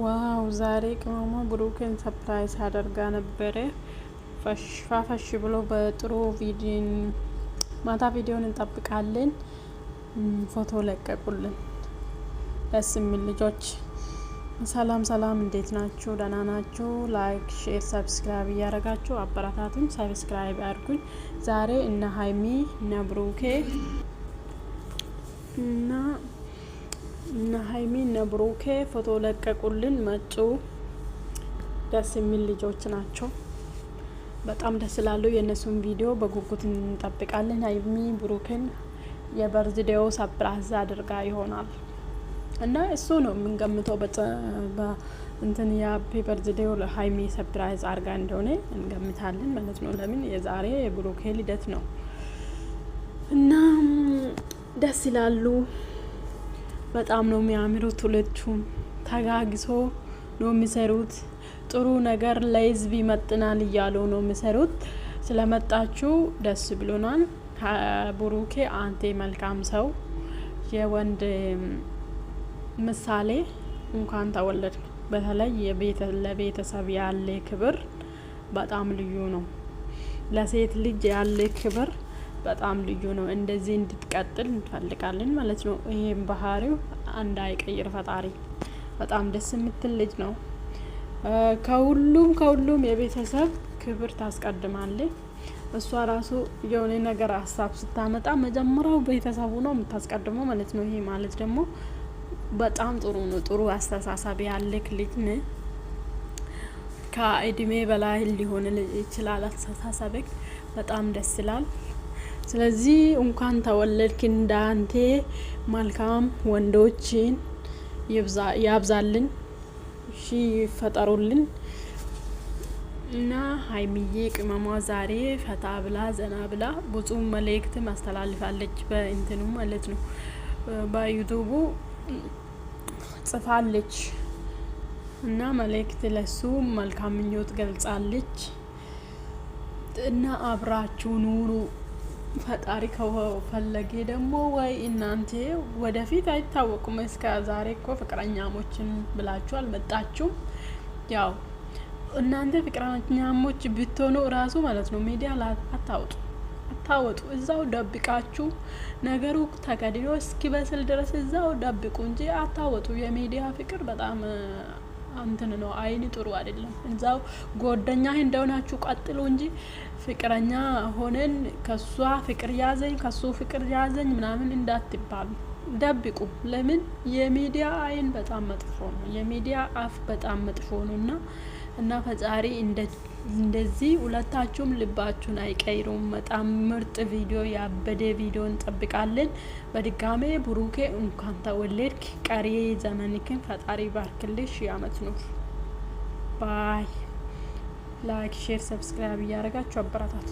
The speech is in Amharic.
ዋው ዛሬ ቅመሟ ብሩክን ሰፕራይዝ አደርጋ ነበረ። ፈሽፋፈሽ ብሎ በጥሩ ማታ ቪዲዮን እንጠብቃለን። ፎቶ ለቀቁልን። ደስ የሚል ልጆች። ሰላም ሰላም፣ እንዴት ናችሁ? ደህና ናችሁ? ላይክ፣ ሼር፣ ሰብስክራይብ እያደረጋችሁ አበረታቱኝ። ሰብስክራይብ አድርጉኝ። ዛሬ እነ ሀይሚ እነ ብሩኬ እና ሀይሚ ብሩኬ ፎቶ ለቀቁልን መጡ። ደስ የሚል ልጆች ናቸው። በጣም ደስ ይላሉ። የእነሱን ቪዲዮ በጉጉት እንጠብቃለን። ሀይሚ ብሩክን የበርዝዴው ሳፕራይዝ አድርጋ ይሆናል እና እሱ ነው የምንገምተው። እንትን የሀፒ በርዝዴው ሀይሚ ሰፕራይዝ አድርጋ እንደሆነ እንገምታለን ማለት ነው። ለምን የዛሬ የብሩኬ ልደት ነው እና ደስ ይላሉ። በጣም ነው የሚያምሩት። ሁለቱም ተጋግሶ ነው የሚሰሩት። ጥሩ ነገር ለህዝብ ይመጥናል እያለው ነው የሚሰሩት። ስለመጣችሁ ደስ ብሎናል። ቡሩኬ አንቴ መልካም ሰው፣ የወንድ ምሳሌ እንኳን ተወለድ። በተለይ ለቤተሰብ ያለ ክብር በጣም ልዩ ነው። ለሴት ልጅ ያለ ክብር በጣም ልዩ ነው። እንደዚህ እንድትቀጥል እንፈልጋለን ማለት ነው። ይሄም ባህሪው እንዳይቀይር ፈጣሪ። በጣም ደስ የምትል ልጅ ነው። ከሁሉም ከሁሉም የቤተሰብ ክብር ታስቀድማለች። እሷ ራሱ የሆነ ነገር ሀሳብ ስታመጣ መጀመሪያው ቤተሰቡ ነው የምታስቀድመው ማለት ነው። ይሄ ማለት ደግሞ በጣም ጥሩ ነው። ጥሩ አስተሳሰብ ያለክ ልጅ ነ ከእድሜ በላይ ሊሆን ይችላል አስተሳሰብክ። በጣም ደስ ይላል። ስለዚህ እንኳን ተወለድክ እንዳንቴ መልካም ወንዶችን ያብዛልን፣ ሺ ይፈጠሩልን። እና ሀይሚዬ ቅመሟ ዛሬ ፈታ ብላ ዘና ብላ ብዙ መልእክት ማስተላልፋለች። በእንትኑ ማለት ነው በዩቱቡ ጽፋለች እና መልእክት ለሱ መልካም ምኞት ገልጻለች እና አብራችሁ ኑሩ ፈጣሪ ከፈለጌ ደግሞ ወይ እናንተ ወደፊት አይታወቁም። እስከ ዛሬ እኮ ፍቅረኛሞችን ብላችሁ አልመጣችሁም። ያው እናንተ ፍቅረኛሞች ብትሆኑ እራሱ ማለት ነው ሚዲያ አታውጡ አታወጡ። እዛው ደብቃችሁ ነገሩ ተገድሎ እስኪበስል ድረስ እዛው ደብቁ እንጂ አታወጡ። የሚዲያ ፍቅር በጣም እንትን ነው አይን ጥሩ አይደለም። እዛው ጎደኛ እንደሆናችሁ ቀጥሎ እንጂ ፍቅረኛ ሆነን ከሷ ፍቅር ያዘኝ ከሱ ፍቅር ያዘኝ ምናምን እንዳትባሉ ደብቁ። ለምን የሚዲያ አይን በጣም መጥፎ ነው፣ የሚዲያ አፍ በጣም መጥፎ ነው እና እና ፈጣሪ እንደዚህ ሁለታችሁም ልባችሁን አይቀይሩም። በጣም ምርጥ ቪዲዮ፣ ያበደ ቪዲዮ እንጠብቃለን። በድጋሜ ብሩኬ እንኳን ተወለድክ። ቀሪ ዘመንክን ፈጣሪ ባርክልሽ፣ ያመት ኑር። ባይ ላይክ፣ ሼር፣ ሰብስክራይብ እያደረጋችሁ አበረታት